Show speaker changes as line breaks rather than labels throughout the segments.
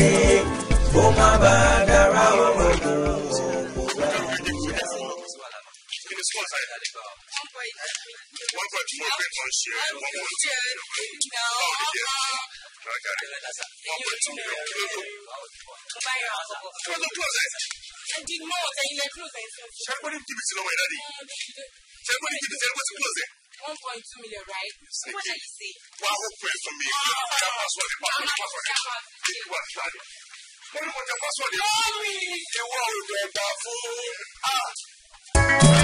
rí kó má bá a ní jìbìtì lọ́wọ́
ẹ̀ dáadé? ní
jìbìtì lọ́wọ́ ẹ̀ ti closet? 1.2 million, right? what did you saying? Well, for me? That the what the password was. It was Friday.
What was the password? No, me! The world of the food. Ah!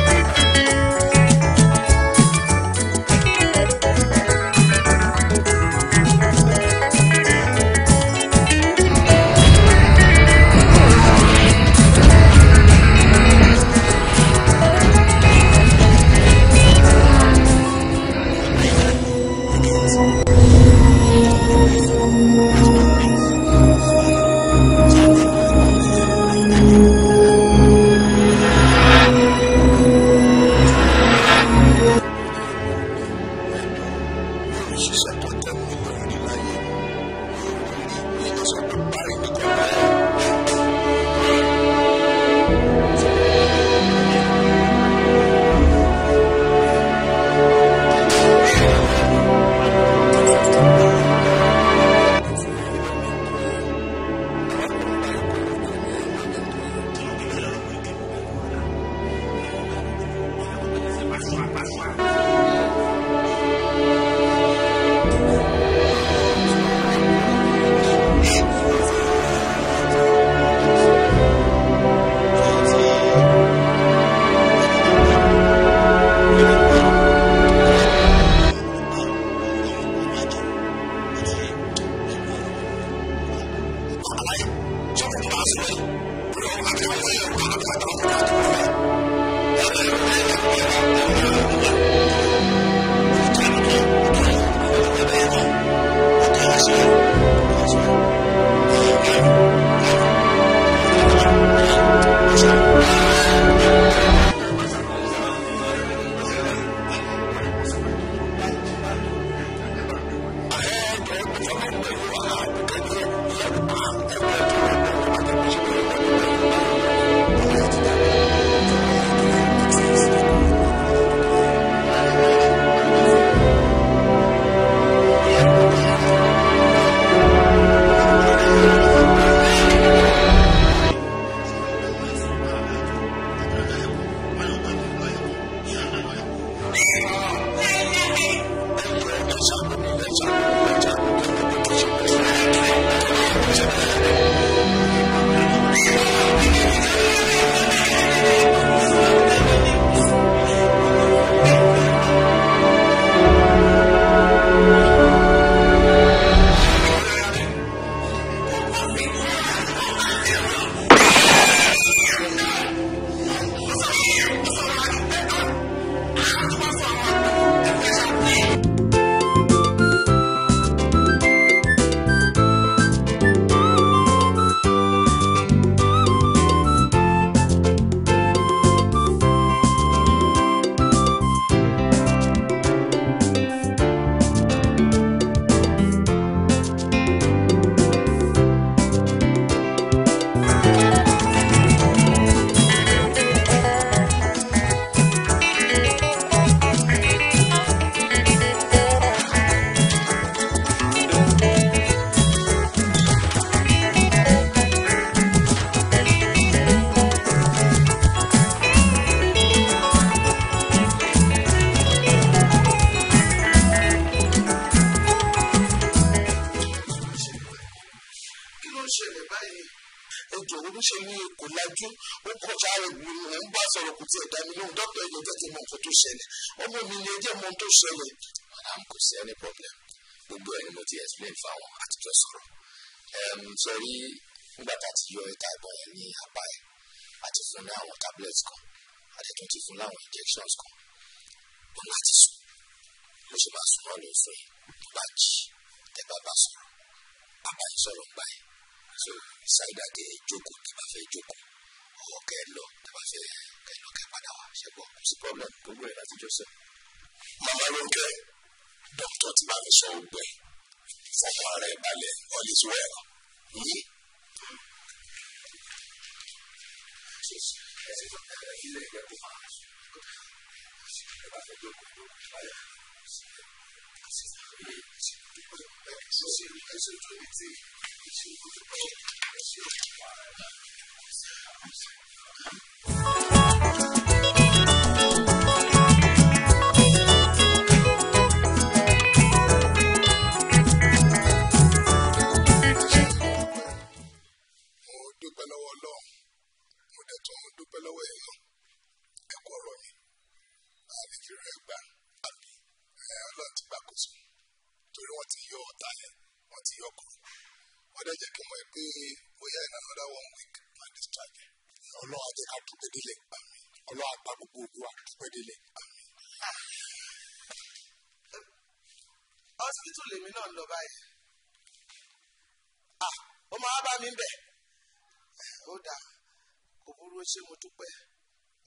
ṣe rí nígbà tá a ti yọ ìta ìbọn yẹn ní apá ẹ̀ a ti fún ní àwọn tablets kan a ti tún ti fún láwọn injections kan ó láti sùn mo ṣe máa sùn náà ló ń sùn yìí tó bá jí tẹ bàbá sọ̀rọ̀ bàbá yìí sọ̀rọ̀ gbà ẹ̀ so ṣáìdà kẹ jókòó tẹ bá fẹ́ jókòó ọ̀ọ́ kẹ lọ tẹ bá fẹ́ kẹ lọ kẹ padà wá ṣẹ́gbọ́n kò sí problem gbogbo ẹ̀ láti jọ sọ. màmá ló ń kẹ́ dókítà ti bá mi sọ ogun ẹ̀ fọkàn ara ẹ̀ balẹ̀ all is well. 你。
就是在这方面，因为也不乏很多。而且，很多很多，而且
现在很多年轻人，比如说现在男生做你自己，一些工作，一些工作。dẹ̀ tó ń dúpẹ́ lọ́wọ́ èèyàn ẹ̀kọ́ ọ̀rọ̀ ni àbí fi rẹ̀ ti ti yọ ọ̀tá yẹn ti one week máa di strike ọlọ́run àti àdúgbẹ́délé àmì ọlọ́run àgbà gbogbo hospital náà lọ ah, mi kò burú ṣé mo dúpẹ́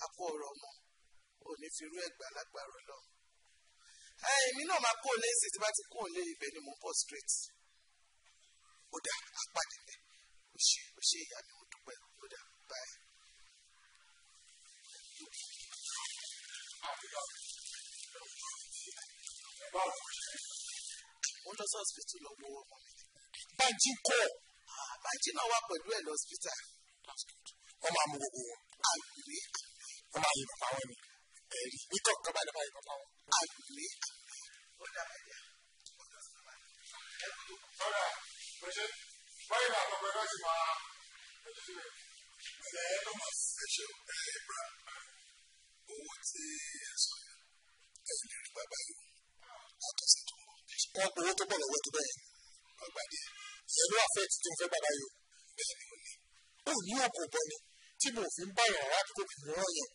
akọ ọ̀rọ̀ ọmọ òní fi rú ẹ̀gbà lágbára lọ. èmi náà máa kó lé ṣètì bá ti kó lé ibẹ̀ ni mo bọ̀ straight. ó dà apàdé bẹ́ẹ̀ ó ṣe ó ṣe ìyá mi mo dúpẹ́ ó dà báyìí. mo lọ sí ọsibítù lọ gbowó ọmọ mi. bájí kọ. Ah, bájí náà wà pẹ̀lú ẹ̀ lọ́sibítà wọ́n máa mú gbogbo wọn àlùlé wọ́n máa yẹ bàbá wọn ni ẹ̀rí nítọ̀ kan bá dábàá yẹ bàbá wọn àlùlé. Sọ́dà pèsè wáyé náà àpapọ̀ ẹ̀rọ ti máa ojú sílẹ̀. Ẹ ẹ lọ́mọ ẹ ṣe ẹ bra owó tí ẹ sọ yẹn ẹ lè rí bàbá yìí àtọ̀sẹ̀ tó mọ̀. Wọ́n gbowó tó bọ̀ lọ́wọ́ tó bẹ̀yẹn ọgbà díẹ̀. Ẹ àfẹ́ tí fẹ́ bàbá yìí o. Bẹ́ẹ̀ ni ó ní. Ó ní òkò bọ́ ni tí mo fi ń báyọ̀ wá tó fi rán yẹn.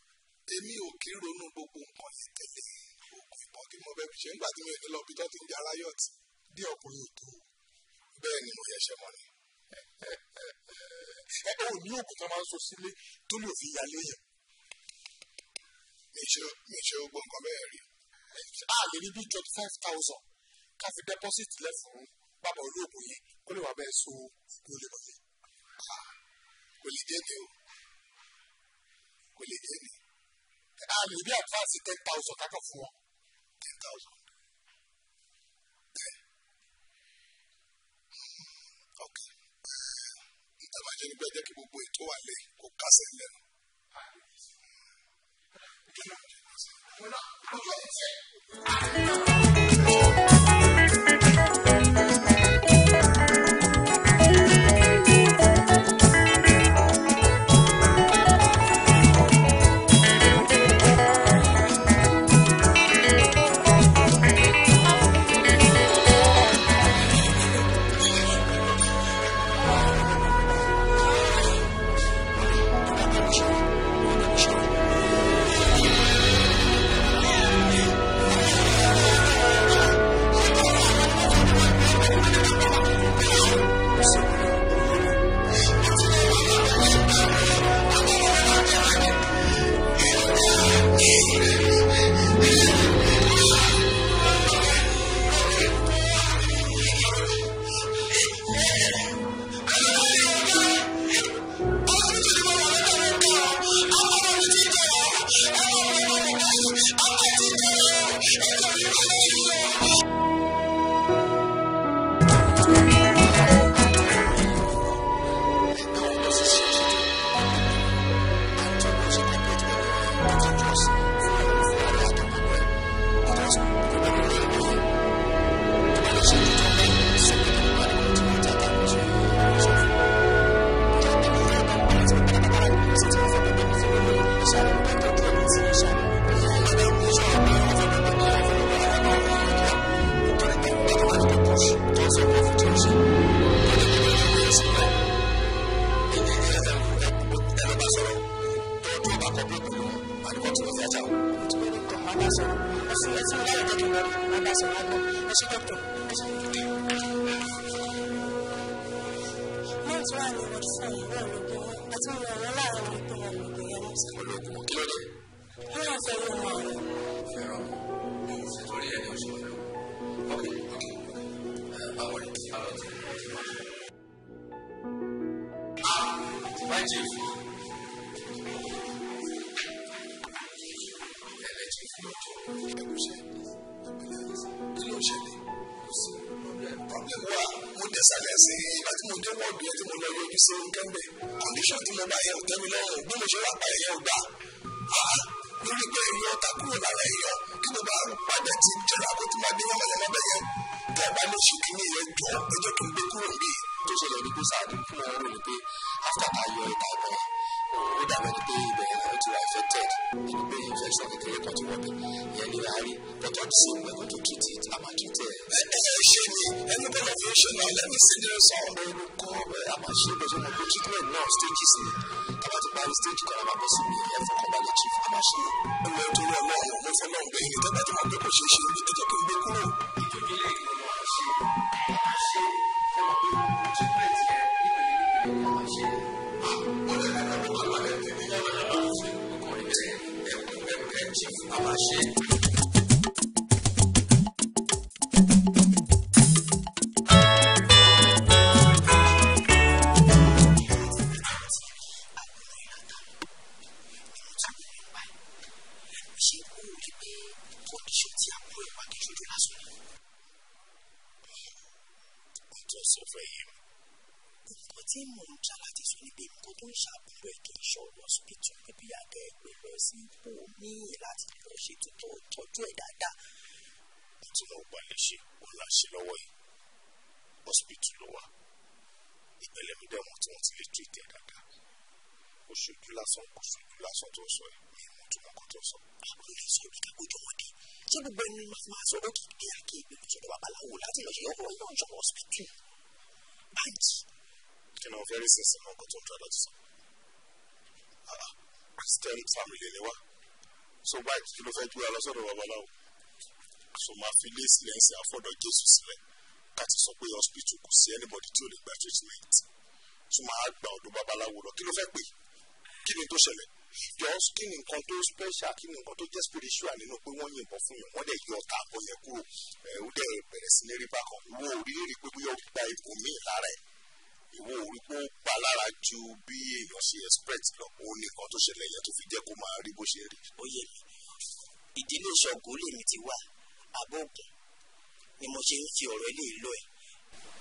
èmi ò kí ronú gbogbo nǹkan yẹn tẹ́lẹ̀ oògùn ìbọn kí mo bẹ fi ṣe nígbà tí mi ò ní lọ bí tó ti ń jara yọt dé ọkùnrin òtò bẹ́ẹ̀ ni mo yẹ ṣe mọ́ ni. ẹ ò ní oògùn tó máa ń so sílé tó lè fi yálé yẹn. mi ṣe mi ṣe gbogbo nǹkan bẹ́ẹ̀ rí. a lè rí bí twenty five thousand ká fi deposit lẹ̀ bàbá olóògùn yẹn kó lè wà bẹ́ẹ̀ so ìgbó lè wọlé. Ah, kò lè jẹ́ o pèlè yẹn ni a lè bí àpáàsì ten thousand kakọ fún wọn ten thousand ok ìtàbàjẹ́ nígbà jẹ́ kí gbogbo ètò wà lé kó kásẹ̀ lẹ́nu. Thank you.
So we're going to treat it. I'm going to treat it. Anybody of you should know, let me send you some. I'm going to treat it. treatment now, stages. I'm going to buy the stage. I'm going to see me. I'm going to come back to chief. I'm going to see you. I'm going to do it Mo fẹ́ náà bẹ́ẹ̀ ni tí wọ́n gbé ṣe ṣe ní ìjọ kí n gbé kúrò. Ìjọba ilé ìgbìmọ̀ àṣẹ àṣẹ ẹ̀rọ
yanjú ẹ̀ dáadáa. mo ti mọ ọgbà lè ṣe òun là ṣe lọ́wọ́ yìí hospital ló wà ìpẹ̀lẹ́ mi dẹ̀wọ̀n tí wọ́n ti lè treat ẹ̀ dáadáa kò ṣojú lásán kò ṣojú lásán tó ń sọ ẹ̀ mi mú tó mọ nǹkan tó ń sọ. àwọn ilé sọ ibi kákójọ wọn dé ṣé gbogbo ẹni máa sọ ó kì í kí àkè ìpinnu sọ́dọ̀ babaláwo láti lọ ṣe ọkọ iná ìjọba hospital báyìí.
kí ni àwọn fẹ́rẹ́
náà kó tó ń tọ́ ẹ láti sọ. Christian family ni wá so báyìí kí ló fẹ́ gbé alọ́sọ̀rọ̀ babaláwo so máa fi lé sílẹ̀ ẹ̀sìn àfọ̀dọ̀ jésù sílẹ̀ káti sọ pé hospital kò sí anybody tí ò lè gba treatment so máa gba ọ̀dọ̀ babaláwo lọ kí ló fẹ́ pè kí ni tó ṣẹlẹ̀ just kí ni nǹkan tó special kí ni nǹkan tó jẹ́ spiritual nínú pé wọ́n yìnbọn fún yàn wọ́n dẹ̀ yọ ọ̀tá àbọ̀yẹ kúrò ẹ̀ ó dẹ̀ bẹ̀rẹ̀ sí ní rí bákan wo ò rí rí pé bóyá ó gba ipò míì lára ẹ̀ ìwọ orí pé ó pa lára ju bí èèyàn ṣe expect lọ òun nìkan tó ṣẹlẹ̀ yẹn tó fi jẹ́ kó máa rí bó ṣe rí. ó yẹ mi ìdílé Ṣàngó lèmi ti wá àbọ̀gùn ni mo ṣe ń fi ọ̀rọ̀ ilé ìlọ ẹ̀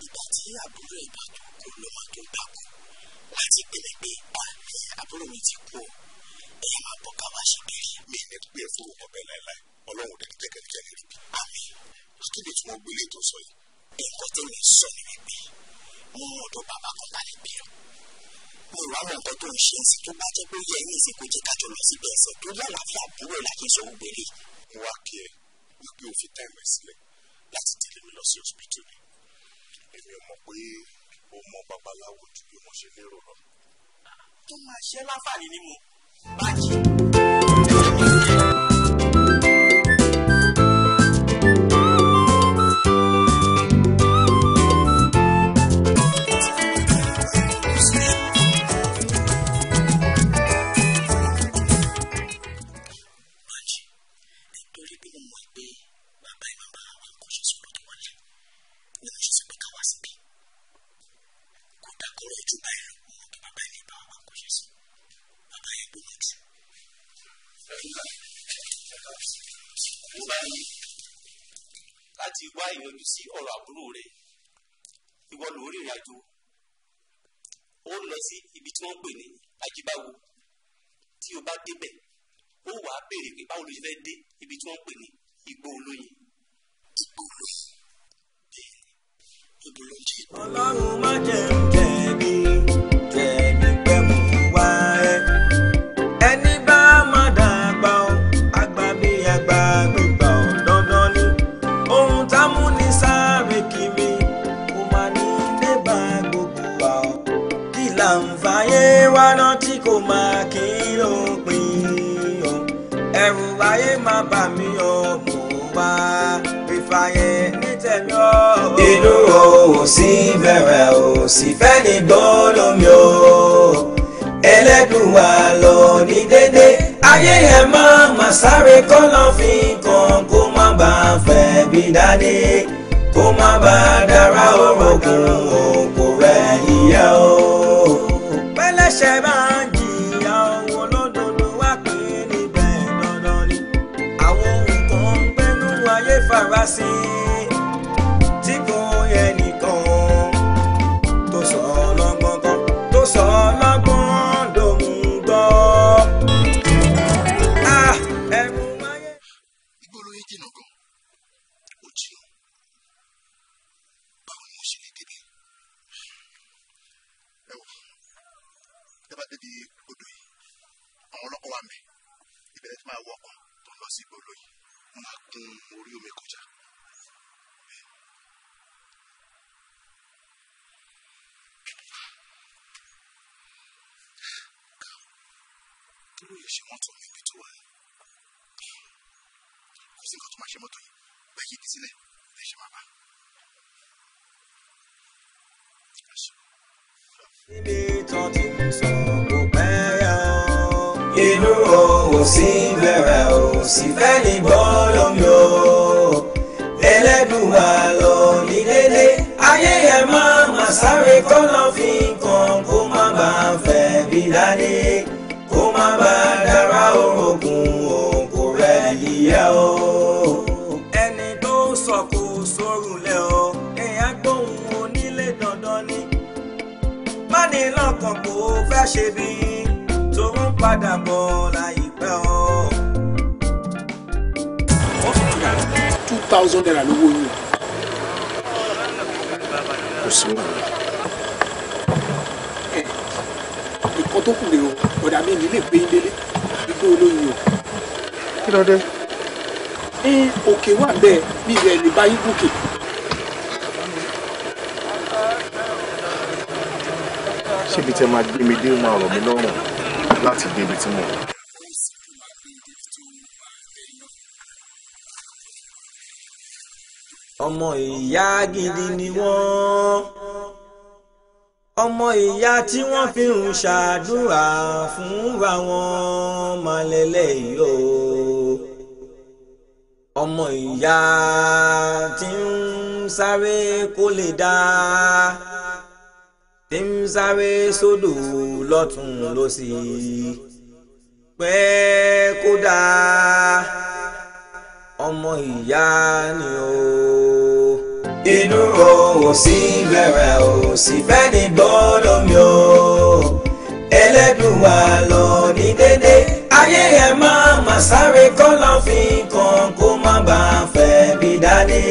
ìgbà tí àbúrò ẹ̀ bá tó kó ló máa tó gbà kú láti pẹ̀lẹ́ pé àbúrò mi ti kú ọ ẹ̀yà máa bọ̀ ká wá ṣe kiri. mi ní pé ẹ forúkọ bẹ́ẹ̀ láéláé ọlọ́run dẹ̀ jẹ́kẹ̀jẹ́ rí bi. àmì akéde tí wọ́n gbélé tó sọ yìí. nǹkan tẹ̀mí sọ ni wípé mú ọ̀dọ̀ bàbá kan tá lè bí ọ. mi ò wá mọ nǹkan tó ń ṣe ẹsẹ̀ tó bá jẹ́ pé yẹ ẹ̀yìn ẹsẹ̀ kò jẹ́ kájọ lọ síbi ẹsẹ̀ tó lálàáfíà búrò láti sọ ògbélé. mo wá kí ẹ wípé o fi táìmù ẹ sílẹ̀ láti tẹ̀lé mi lọ sí ọsibítù ni èmi ò mọ̀ pé o mọ babaláwo ju bí mo ṣe lérò lọ. Ah, tó máa ṣe láǹfààní ni mo bá jẹ́. láti wá ìyanjú sí ọ̀rọ̀ àbúrò rẹ̀ ìwọ ló rìnrìn àjò ó lọ sí ibi tí wọ́n pè ní ajibawo tí o bá débẹ̀ ó wàá béèrè pé báwo ló ṣe fẹ́ dé ibi tí wọ́n pè ní igbó olóyin. igbó olóyin bẹ́ẹ̀ ni
ibo ló ọlọ́run má jẹ́ ò sí bẹ̀rẹ̀ ò sì fẹ́ ní bọ́lómi o ẹlẹ́dùnwà lọ ní dédé ayé ẹ̀ má má sáré kọ́ lọ́ fi kan kó má bá fẹ́ bí dáadé kó má bá dára orogún òkú rẹ̀ ìyá o. pẹ́lẹ́sẹ̀ máa ń jìyà owó lódodo wá pé níbẹ̀ dandan ni àwọn ohun kan ń gbẹ́nu ayé farasin. thousand naira lówó yín
kò sí wọn. nǹkan tó kù lè o ọ̀dà mi nílé gbé yín délé gbígbó olóyin o. kí ló dé. òkè wà bẹ́ẹ̀ bí ilẹ̀ lè bá yín gòkè.
ṣébi tẹ máa gbé mi dé máa rọ̀ mí lọ́rùn láti dé ibi tí mo wà. ọmọ ìyá gidi ni wọ́n ọmọ ìyá tí wọ́n fi ń ṣàdúrà fúnra wọn malẹ̀lẹ̀ yìí o ọmọ ìyá tí ń sáré kó lè dá tí ń sáré sódò lọ́tún lọ́sì pé kó dáa ọmọ ìyá ni o. inú o ò sí bẹ̀rẹ̀ o sì fẹ́ ní gbọ́dọ̀ mi o ẹlẹ́dùnwà lọ ní dédé ayé ẹ̀ máa mà sáré kọ́ lọ́ọ́ fi kan kó má bàa fẹ́ bí dání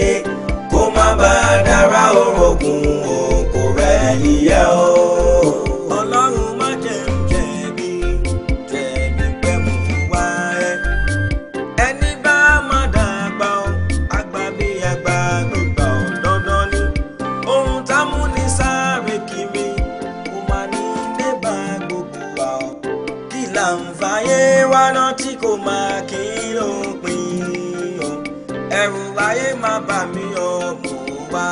kó má bàa dára orogún o kò rẹ̀ níyà o. láyé má bà mí o kò wá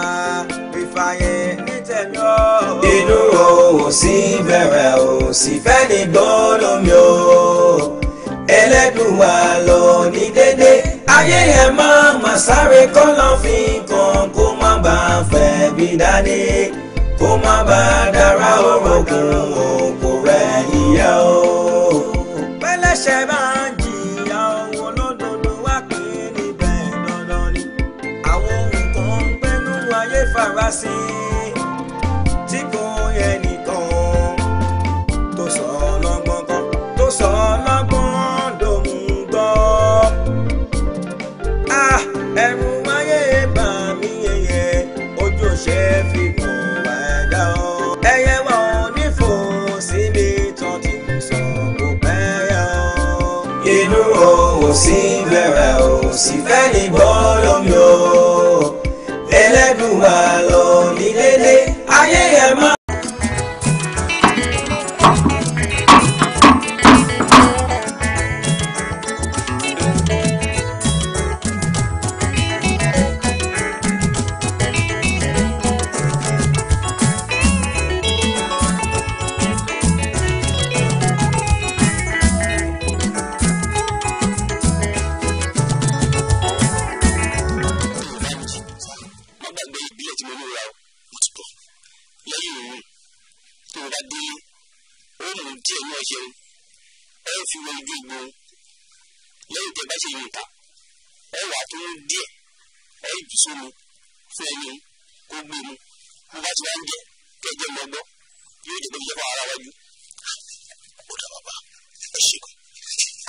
ìfàyẹ̀ ní tẹ̀mí o. inú o ò sí bẹ̀rẹ̀ o sì fẹ́ ní gbọ́dọ̀ mi o ẹlẹ́dùnwà lọ ní dédé ayé ẹ̀ máa mà sáré kọ́ lọ́n fi kàn kó má bà fẹ́ bí dání kó má bà dára orogún òkú rẹ̀ ìyá o. pẹ́lẹ́sẹ̀ máa ń. sí tí kò yẹ nìkan tó sọ ọlọ́gbọ́n kan tó sọ ọlọ́gbọ́n lòún gbọ́. a ah, ẹ̀rù wáyé bá mi yẹyẹ ojú ṣe fi mọ̀ wá dá ọ. ẹyẹ wà ó nífò síbi tán ti sọ kó bẹ́ẹ̀ yá ọ. inú o ò sí bẹ̀rẹ̀ o sì fẹ́ ní gbọ́.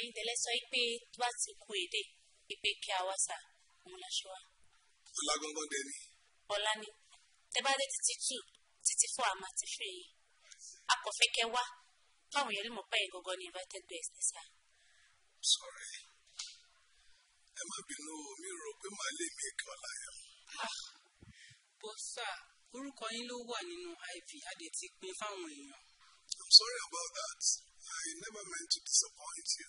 ẹ̀yin tẹ́lẹ̀ sọ pé tó bá ti kú èdè pé kí a wá sà òun la ṣe wá. ọ̀la gbọ́ngbọ́n dé ni. ọ̀la ah. ni tẹ bá a kò fẹ́ kẹ́ wá fáwọn yẹn ló mọ̀ pé ẹ̀yin gangan ni invited guest ni sà. sorry ẹ má bínú mi rò pé màá lè mi kí ọ̀la yẹn. bọ́ sà orúkọ yín ló wà nínú iv adé fáwọn èèyàn. I'm sorry about that. I never meant to disappoint you.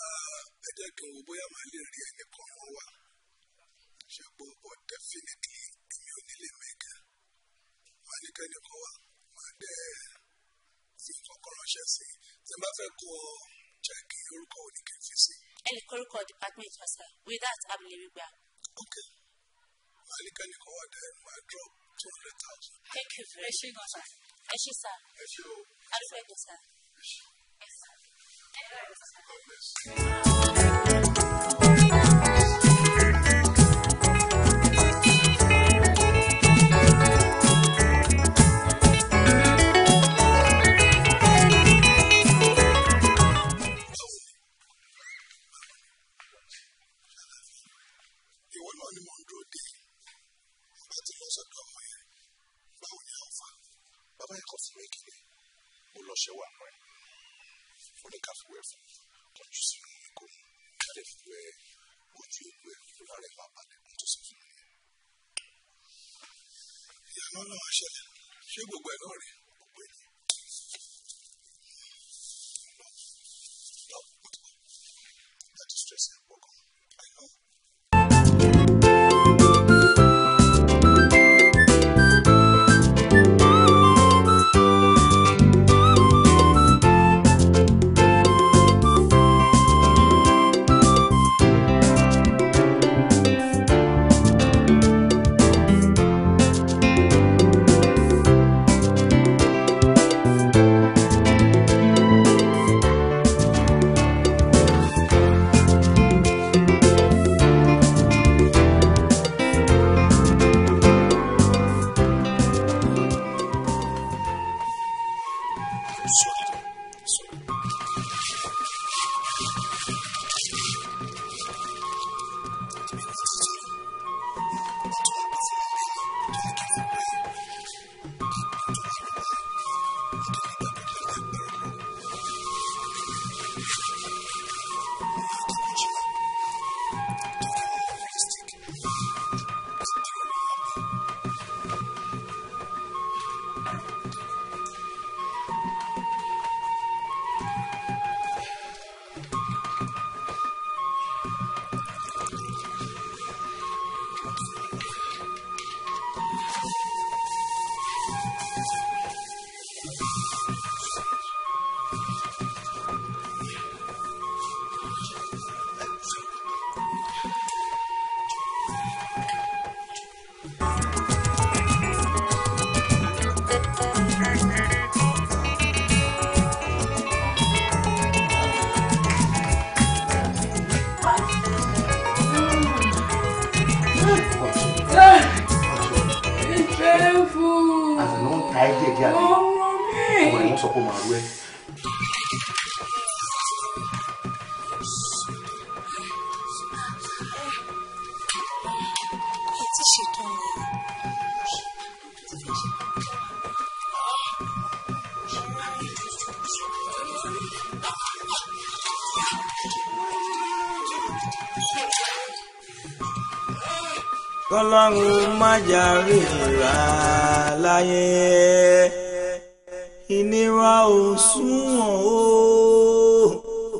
ẹ jẹ́ kí n wo bóyá màá lè rí ẹnì kan wọ́n wà ṣùgbọ́n but definitely èmi ò nílé mẹ́kẹ́ màá ní kẹ́ni kan wà màá dẹ́ fi kọ́kọ́ ránṣẹ́ sí i tí n bá fẹ́ kọ́ chẹ́ẹ̀kì orúkọ òní kì í fi sí. ẹ lè kórúkọ department wa sir with that abilere gba. ok màá ní kẹ́ni kan wà dẹ́ màá drop two hundred thousand. thank you very much ẹ ṣe gan ẹ ṣe o. arúgbó ẹ gan ẹ ṣe Yes. wherefore ọjọ́ sí ìwé kò mú jáde fún ẹ ojú egbò ẹ fúnra rẹ máa balẹ̀ ní tó sọ fún mi. ìyàwó
ọlọ́run má jàre rà láyé ìnira ò súnwọ̀n o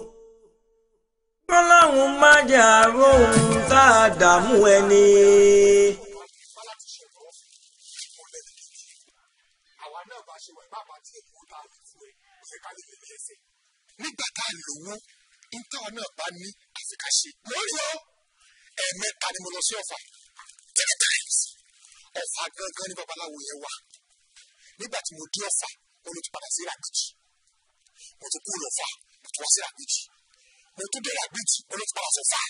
ọlọ́run má jàrò ohun tá a dààmú ẹni.
nígbà tá a lówó ń táwa náà bá ní àfikàṣe lórí ọ ẹ̀ẹ̀mẹ́ta ni mo lọ sí ọ̀fà ọ̀fà gangan ni babaláwo yẹn wà nígbà tí mo dé ọ̀fà mo lè tún padà sí ràgbìjì mo tún kúrò ọ̀fà mo tún wá sí ràgbìjì mo tún dé ràgbìjì mo lè tún padà sọ̀fà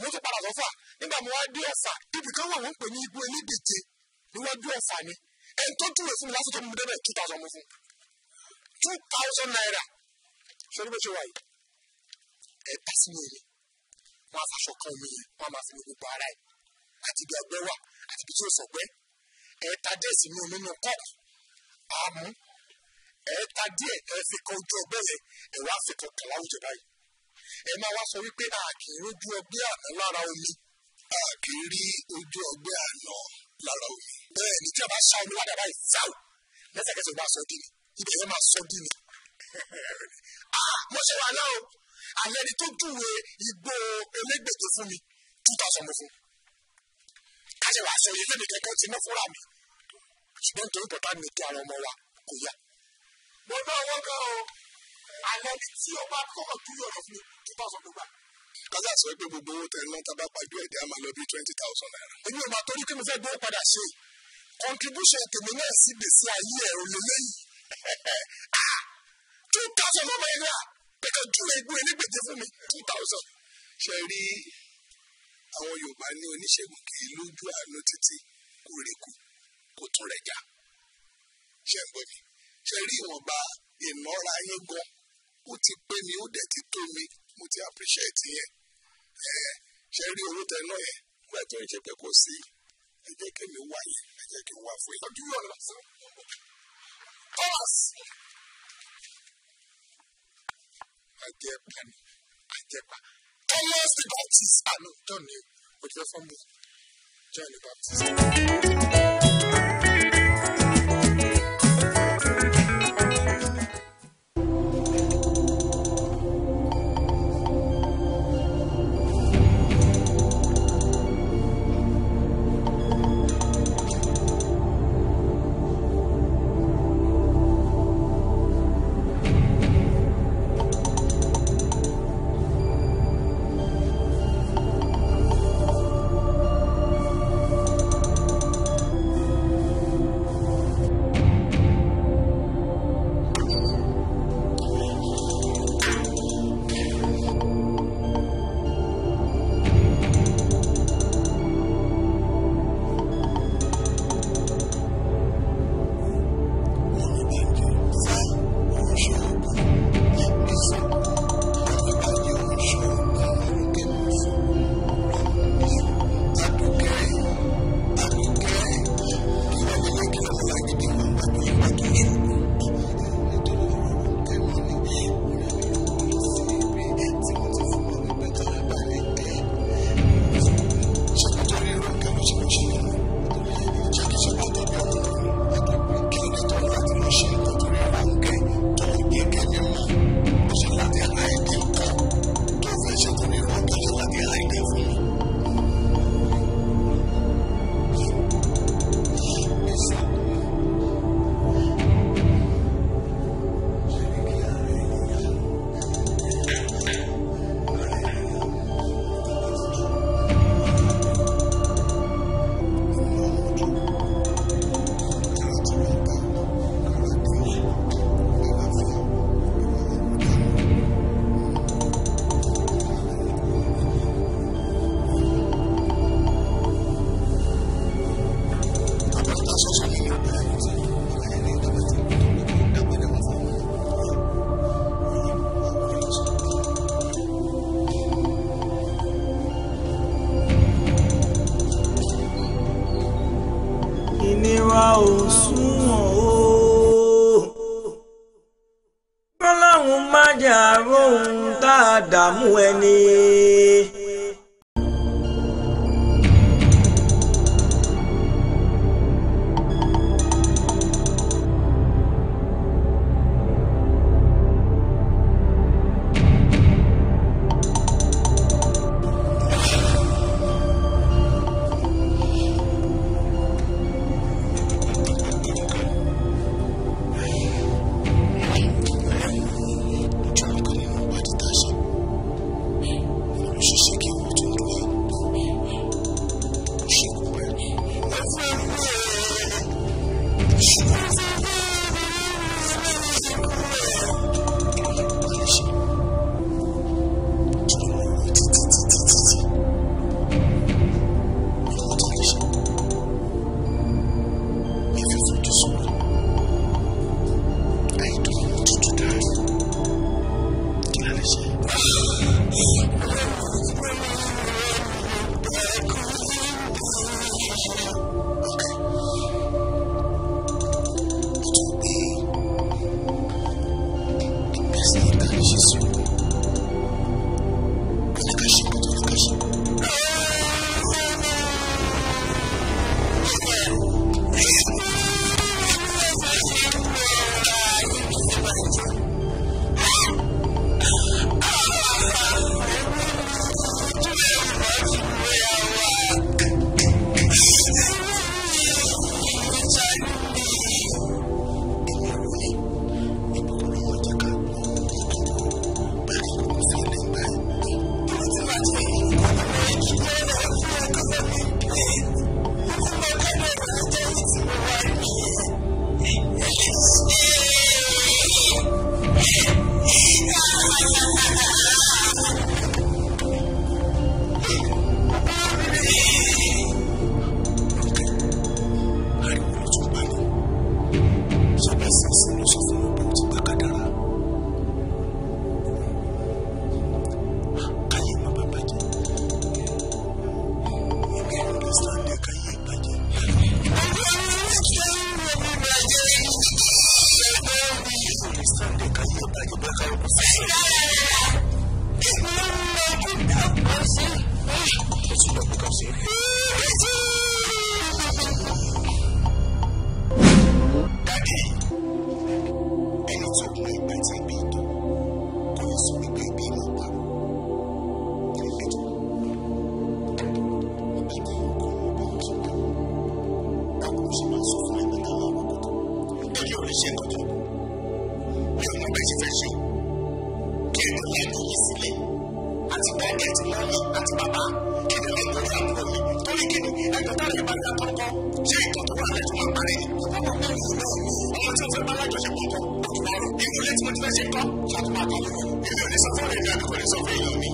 mo tún padà sọ̀fà nígbà mo wá dé ọ̀fà ibi kan wà wọ́n ń pè ní igbó elédèje níwájú ọ̀fà ni ẹni tó dúró fún mi lásìkò mi débẹ̀ two thousand mo fún two thousand naira ṣé ní bó ṣe wà yìí ẹ bá sínú èmi wọn àfàṣọ kan omi yẹn wọn máa fi mi gbogbo ara ẹ àti ibi ọgbẹ wà àti ibi tí ó sọgbẹ ẹ̀ẹ́ta díẹ̀ sínú nínú kọ́ọ̀kì àmú ẹ̀ẹ́ta díẹ̀ ẹ fi kan ojú ọgbẹ́ yẹn ẹ wá fi kan kàlá oúnjẹ báyìí ẹ máa wá sọ wípé a kì í rójú ọgbẹ́ àná lára omi a kì í rí ojú ọgbẹ́ àná lára omi bẹ́ẹ̀ ni tí a bá ṣá omi ládàá báyìí fáwù lẹ́sẹ̀kẹsẹ̀ máa sọ dìní ibẹ̀ yẹn máa sọ dìní.
Ah, mo ṣe wà náà o
àyẹ̀ ni tó júwe igbó elégbèdè fún mi two thousand mo fún
káṣẹ wàá sọ iye
fẹ́mi kẹ́kẹ́ ti ná fúnra mi ṣùgbọ́n nítorí bàbá mi dé ara ọmọ wa kò yá. mo bá wọn gan o àlẹ́ ni tí o bá kọ́ ọdún yọ̀rọ̀ fún mi tó bá sọ gbogbo kọ́sà sọ pé gbogbo owó tẹ̀ náà tábà pàjọ ẹ̀dẹ̀ á lọ bí twenty thousand naira. èmi ò máa torí kí mo fẹ́ gbowó padà ṣe contribution tèmi náà sì gbèsè ayé ẹ̀ olólẹ́yìn ah! two thousand lọ́mọ ẹ̀rọ à pẹ̀lú júwe igun elégbèje fún mi two thousand. ṣe rí àwọn Yorùbá ní oníṣègùn kì í lójú àánú títí kúrekú kò tún rẹ̀ já ṣe ń gbòmí ṣe rí ìwọ̀nba ìmọ̀ra yín gan ó ti pé mi ó dẹ̀ ti tó mi mo ti appreciate yẹn ṣe rí owó tẹ náà yẹn nígbà tó ń ṣe pé kò sí ẹ jẹ́ kí mi wá yẹn ẹ jẹ́ kí n wá fún yẹn. ojú ọ̀nà sí Thomas. ajẹ́pà ni ajẹ́pà Thomas the Baptist àná John ni
o ò jẹ́ fọ́nmù John the Baptist. Okay. méjì fẹ́ ṣe kí ẹnu lè lò yí sílẹ̀ àti bẹ́ẹ̀ ẹ̀tì máa lọ àti bàbá kí ẹnu lè lò yá torí kí ẹ̀jọ̀ tá a lè bá yá ṣé ìtàn tó wà lẹ́tọ̀ máa parí ni ọmọ mi ò lọ ọmọ tí mo fẹ́ bá lájọṣepọ̀ kan òtún ọ̀rọ̀ tí mo ti fẹ́ ṣe kọ́ ṣàtúmọ̀ àkọ́kọ́ èmi ò ní sọ fún ọ̀rẹ́ sọ fún èèyàn mi.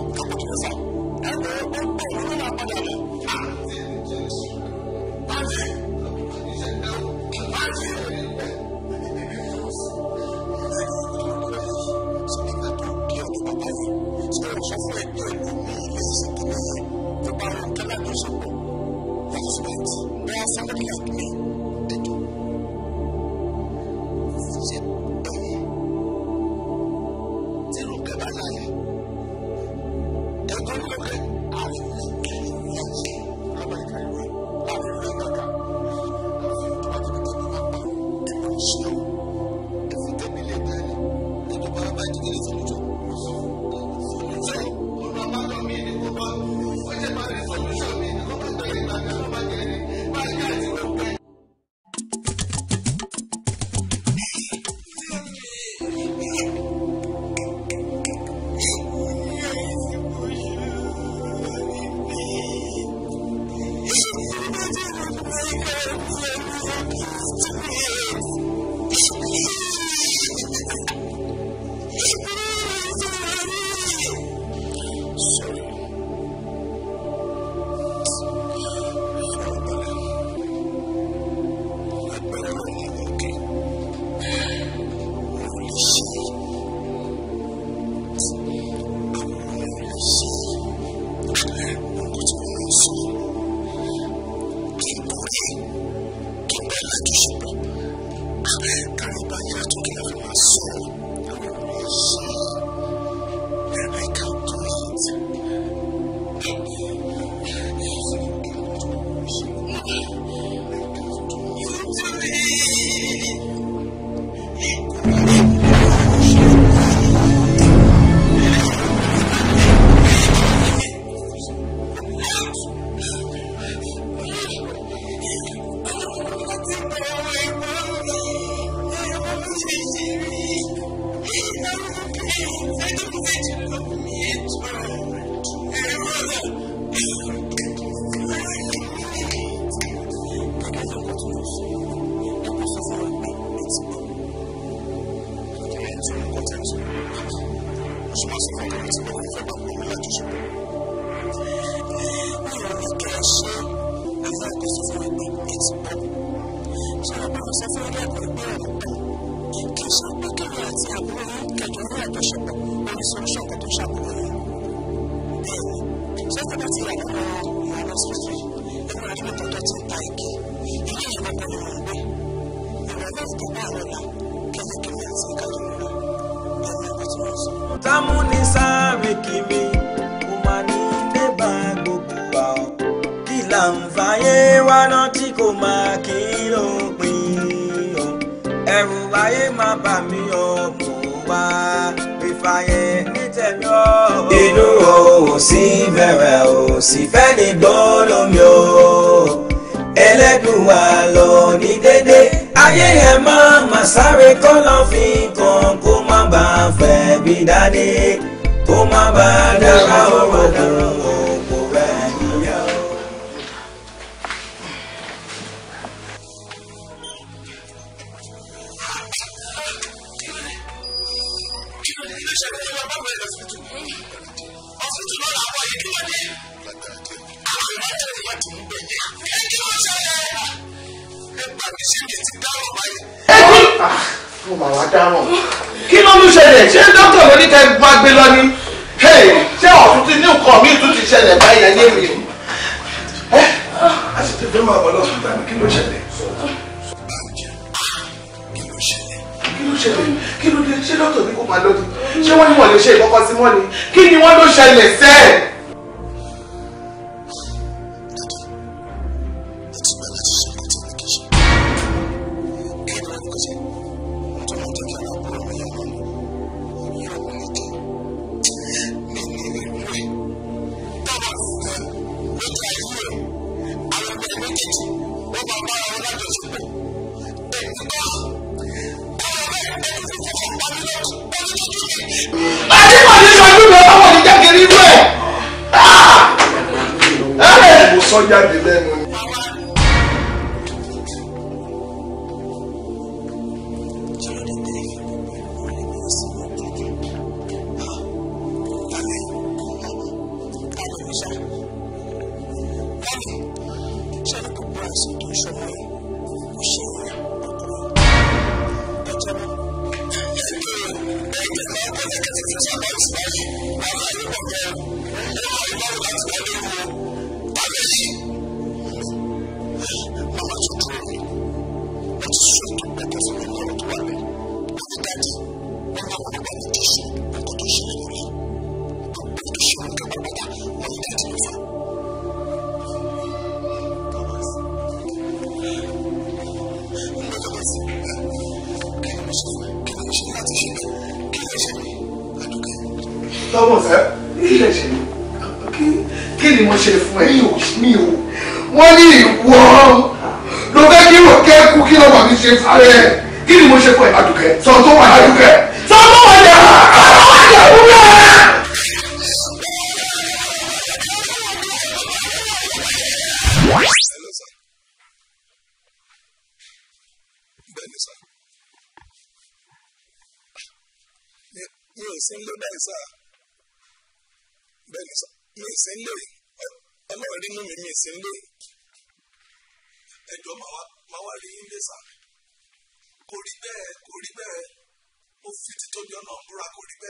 níbi dání kó má bá dára ọ̀rọ̀ dùn òpó rẹ̀
kí ló ń ṣẹlẹ̀ ṣé dókítà ló ní kẹ́ máa gbé lọ ni ṣé ọ̀tún ti ní nǹkan mi tún ti ṣẹlẹ̀ báyìí ayé mi o a sì ti fẹ́ máa bọ̀ lọ́sùn tàbí kí ló ṣẹlẹ̀ kí ló ṣẹlẹ̀ kí ló dé ṣé dókítà ní kó máa lọ ni ṣé wọ́n ní wọ́n lè ṣe ìkọ́kọ́ sí mọ́ ni kí ni wọ́n ló ṣẹlẹ̀ sẹ́ẹ̀.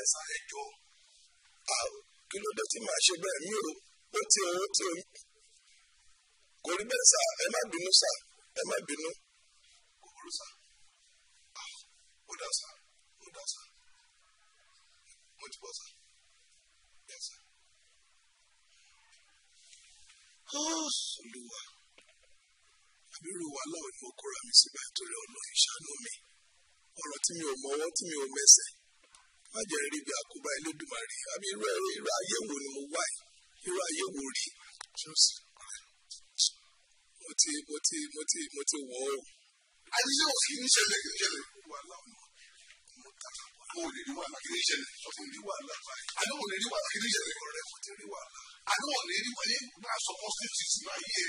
ẹ̀sán ẹ̀jọ́ kí ló dé tí màá ṣe bẹ́ẹ̀ mí o ó ti o ó ti o kò rí bẹ́ẹ̀ sà ẹ má bínú sà ẹ má bínú kò burú sà ó dà sà ó dà sà mo ti bọ̀ sà bẹ́ẹ̀ sà. Olúwa àbúrò wa láwọn ni mo kóra mi síbẹ̀ torí ọ̀nà ìṣàánú mi ọ̀rọ̀ tí mi ò mọwọ́ tí mi ò mẹsẹ̀ má jẹ́ rí bí àkóbá Elédùmarè àbí irú ẹ̀rọ irú ayé wo ni mo wá yìí irú ayé wo rí mo ti mo ti mo ti mo ti wọ̀ ọ́. ayé òfin ń ṣẹlẹ̀ ń ṣẹlẹ̀ wàhálà ọ̀nà mo ta àwọn olè rí wàhálà kìí ṣẹlẹ̀ ọ̀fun rí wàhálà báyìí àwọn olè rí wàhálà kìí ṣẹlẹ̀ ọ̀rẹ́ mo ti rí wàhálà àwọn olè rí wàhálà bá a sọ constitution ti máa yẹ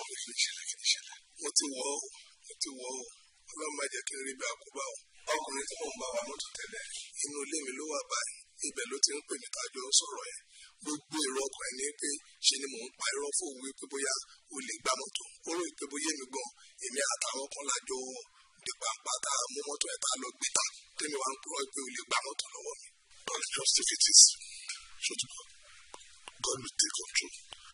ọ̀rẹ́ kìí ṣẹlẹ̀ kìí ṣẹlẹ̀. mo ti wọ̀ ọ́ mo ti wọ̀ ọ́ ọlọ́run kí n rí bí àkóbá ọkùnrin wa mọ́tò tẹ́lẹ̀ inú ilé mi ló wà báyìí ibẹ̀ ló ti ń pè mí tájọ ń sọ̀rọ̀ yẹn gbogbo èrò ọkàn ní pé ṣe ni mò ń pa irọ́ fóun wípé bóyá o lè gbá mọ́tò ó rò pé bóyá èmi gan èmi àtàwọn kan lájọ dìgbà pátá mú mọ́tò ẹ̀ lọ gbé ta tẹ́mi wá ń purọ́ pé o lè gbá mọ́tò lọ́wọ́ mi. all justifities ṣojú God will take control.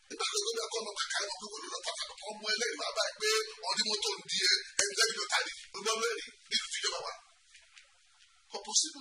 nígbà tó ló ń ọmọ kàkà ẹ̀rọ gbogbo ló lọ pàtàkì ọmọ ẹlẹ́yìn máa bá pé ọdún mọ́tò ń di ẹ ẹgbẹ́ ìjọta ni gbogbo mẹ́rin nínú ìjọba wa. kọ́pọ̀ sínú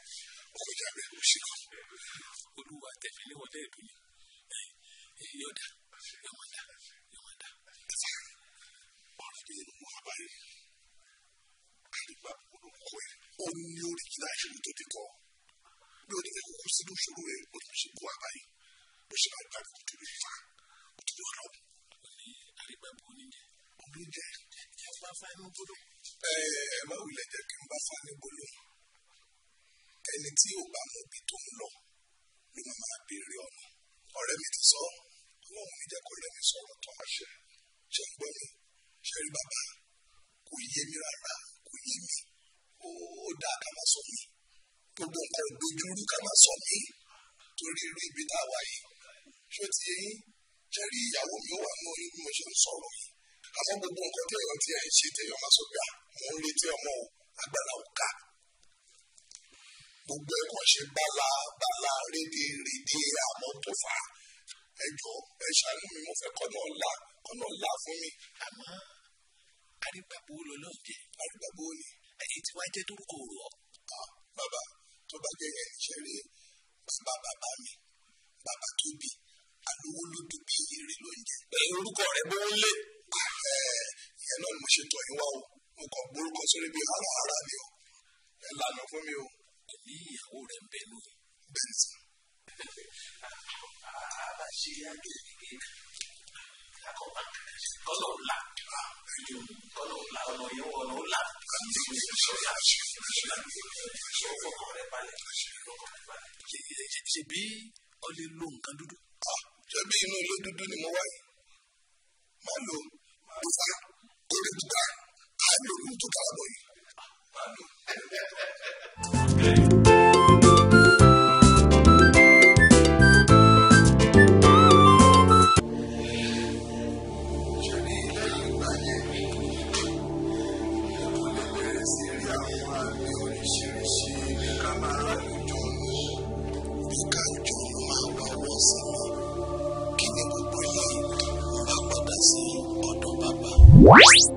kọjá rẹ̀ ló ṣe kọ́ olúwa tẹ̀lé ní wọlé ìlú ni yọ̀dà yọ̀mọ̀dà yọ̀mọ̀dà. ọ̀rọ̀ yẹn mú abáyé àdìgbà olùkọ́ ẹ̀ ó ní oríkìlá ìṣòro tó ti kọ́ bí o ní fẹ́ kókó sínú ìṣòro rẹ̀ ó ti ṣe kó abáyé bó ṣe máa gbàgbé kó tóbi fa kó tóbi ọlọ́run. ó ní àdìgbà bó oníjẹ. oníjẹ. ìyá bá fa inú gbólóhùn. ẹ ẹ má wulẹ̀ jẹ́ kí n bá fa inú gbólóhùn ẹni tí ò bá mọ ibi tó ń lọ ló máa máa béèrè ọ̀nà ọ̀rẹ́ mi ti sọ ọlọ́run mi jẹ́ kó rẹ́ mi sọ̀rọ̀ tán àṣẹ ṣe ń gbọ́ mi ṣe rí bàbá kò yé mi rárá kò yé mi ó dáa ká máa sọ mí gbogbo nǹkan ìdojúrú ká máa sọ mí torí irú ibi tá a wà yìí ṣé ti yé yín ṣe rí ìyàwó mi ó wà ní oyún bí mo ṣe ń sọ̀rọ̀ yìí àmọ́ gbogbo nǹkan tí èèyàn ti ẹ̀ ń ṣe téèyàn máa sọ pé mò ń retí ọmọ àgbàlá òkà gbogbo ẹ̀ kàn ṣe bala bala rédè rédè àmọ́ tó fà á ẹ jọ ẹ ṣàánú mi mo fẹ́ kọ́nà ọ̀la kọ́nà ọ̀la fún mi. àmọ́ arígbàgbọ́ wo lọ́ọ́ jẹ. arígbàgbọ́ wo ni. èyí tí wàá jẹ́ dúró kòòrò ọ. bàbá tó bá jẹ yẹn ṣe rí bàbá bàbá mi bàbá tó alówó ló bí eré ló ń orúkọ rẹ bó ń lé. ìyẹn náà ni mo ṣe tọ̀ wá o mo kàn gbórúkọ sórí bí ara ara mi o ẹ lànà fún mi o ní ìyàwó rẹ̀ ń bẹ lórí
bẹ́ẹ̀nsì. àbá ṣe agẹ́gẹ́ gẹ́gẹ́ àkọ́kọ́ kọ́lọ̀ ńlá
kọ́lọ̀ ńlá ọ̀nà yẹn wọ̀ ọ̀nà ńlá sọ̀yà ọkọ̀ rẹ̀ balẹ̀ ṣèbí ọ lè nǹkan dúdú. Ah, ṣebí inú ilé dúdú ni mo wá yìí má lo dúfà orí dúdà á lò ní tó tààbọ̀ yìí.
What?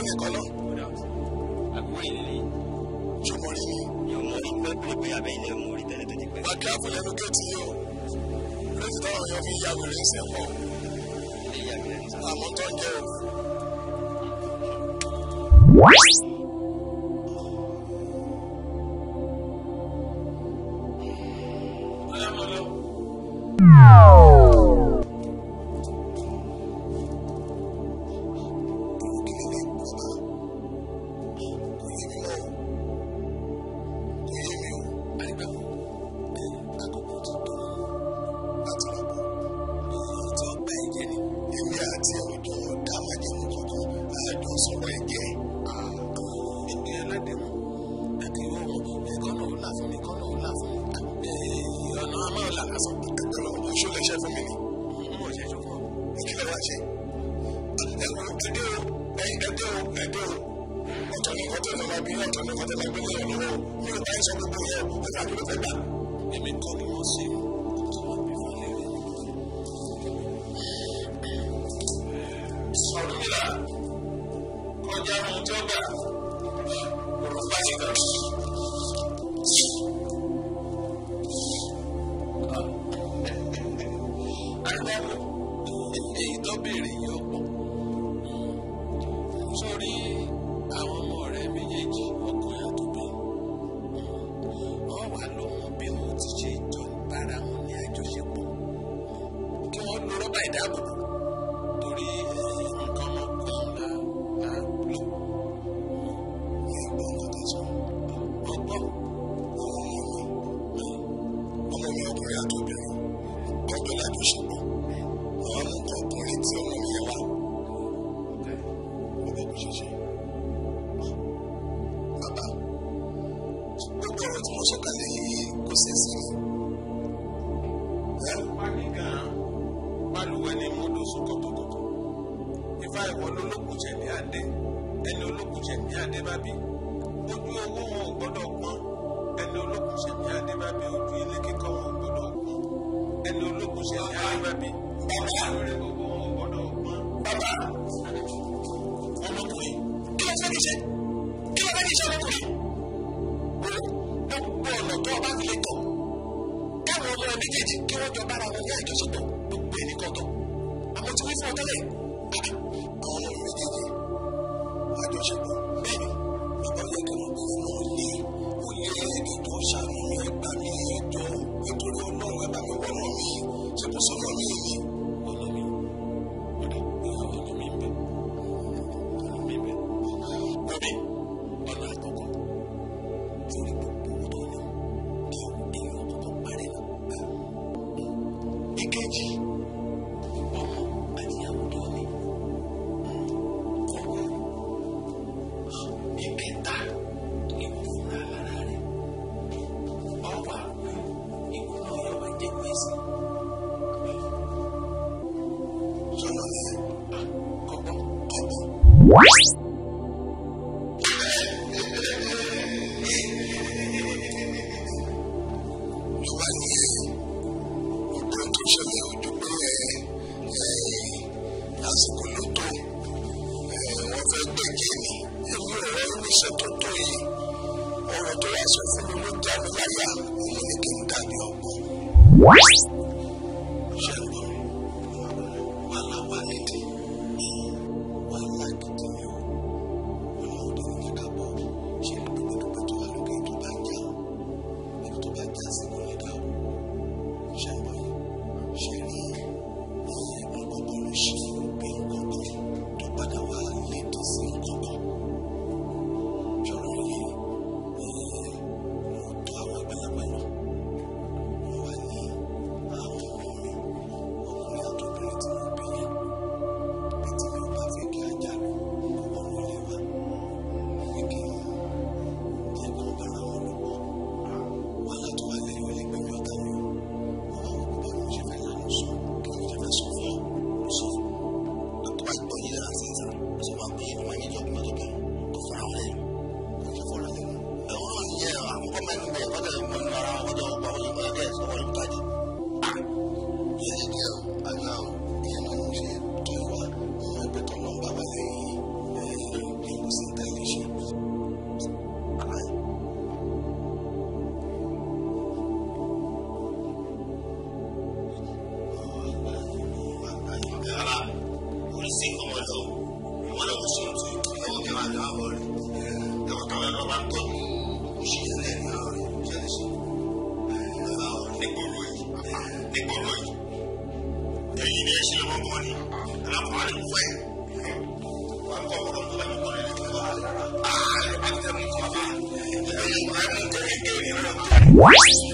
ọdún nìkan náà. àbúrò rí mi. yóò rí pé pé pé abẹ́ ilé mú rí tẹ́lẹ̀ tó ti pẹ́. bákan àpò lẹ́nu kéètì yìí o fi yàgò rẹ̀ ṣẹ̀ pọ̀. àmọ́ tó ń jẹ́ o. àsìkò ló tó wọ́n fẹ́ gbẹ̀jẹ̀ ni èmi ọ̀rọ̀ iléeṣẹ́ tó tó yìí ọ̀rọ̀ tó wá sọ fún
mi ló já mi láyà òun ni kí n dàbí ọ̀pọ̀. What?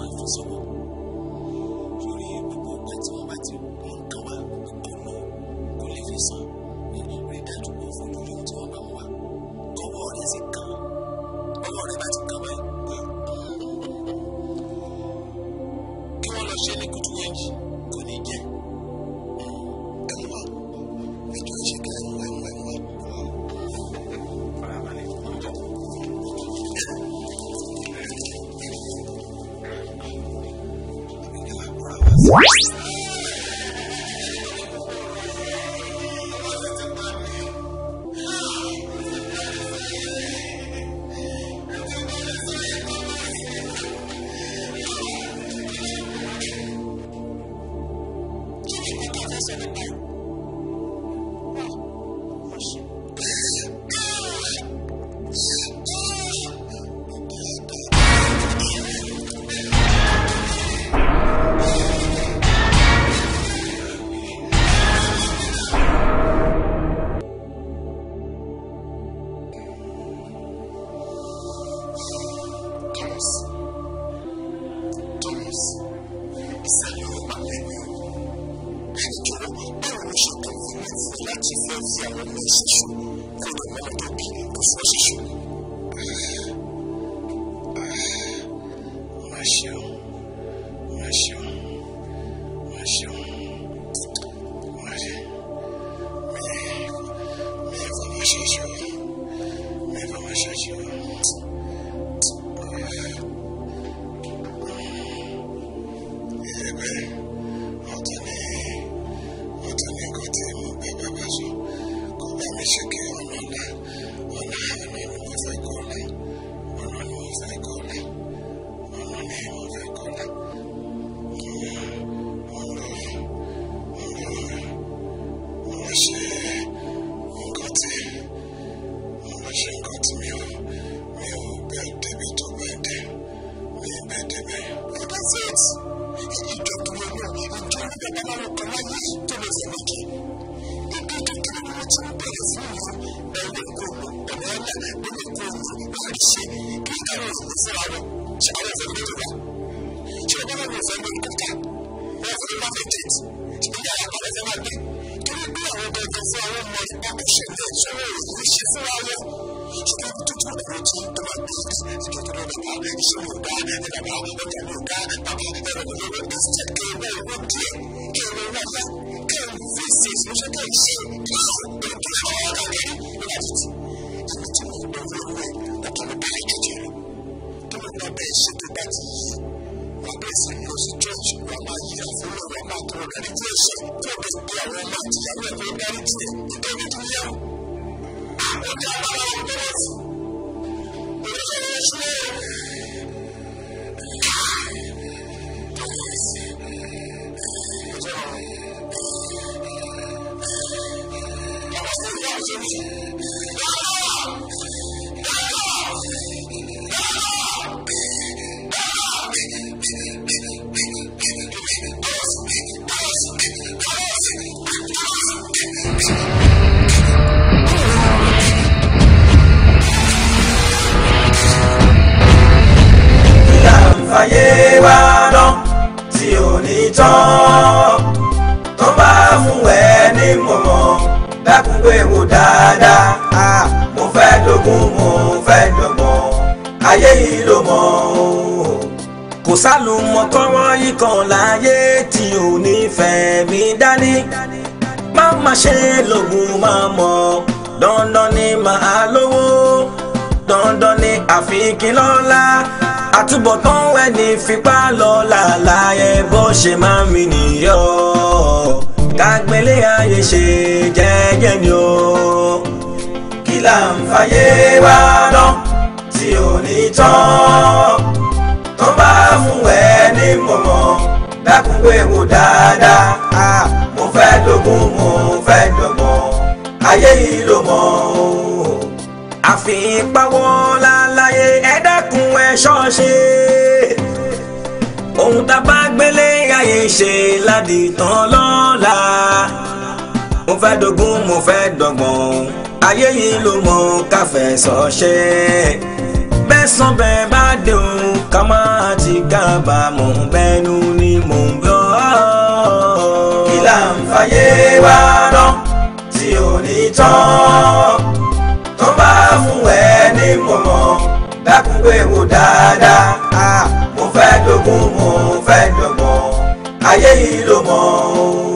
My for
má ṣe lògùn máa mọ̀ dandan ni màá lówó dandan ni àfikín lọ́la àtúbọ̀tán ẹni fipá lọ́la láyé bó ṣe máa mi nìyọ́ kágbélé ayé ṣe jẹ́jẹ́ ni o kí là ń fàyè wá dán tí ò ní tán tó bá fún ẹ ní mọ̀mọ́ dákúnwé wò dáadáa. ayé yìí ló mọ̀ o àfihàn pawọ́ láláyé ẹ dákun ẹ ṣọ́ọ̀ṣe ohun tá a bá gbélé ayé ṣe ládìtàn lọ́la mo fẹ́ dogun mo fẹ́ dọ̀gbọ̀n ayé yìí ló mọ̀ káfẹ́ sọ́ọ̀ṣe bẹ́ẹ̀ sàn bẹ́ẹ̀ bá dé o ká má ti kábàámọ̀ bẹ́ẹ̀ nu ni mò ń bọ́ kí là ń fàyè wá tán tó bá fún ẹ ní mọ̀mọ́ dákúngbé wò dáadáa ah, mo fẹ́ dogun mo fẹ́ dọ̀gbọ́n ayé yìí ló mọ̀ ọ́.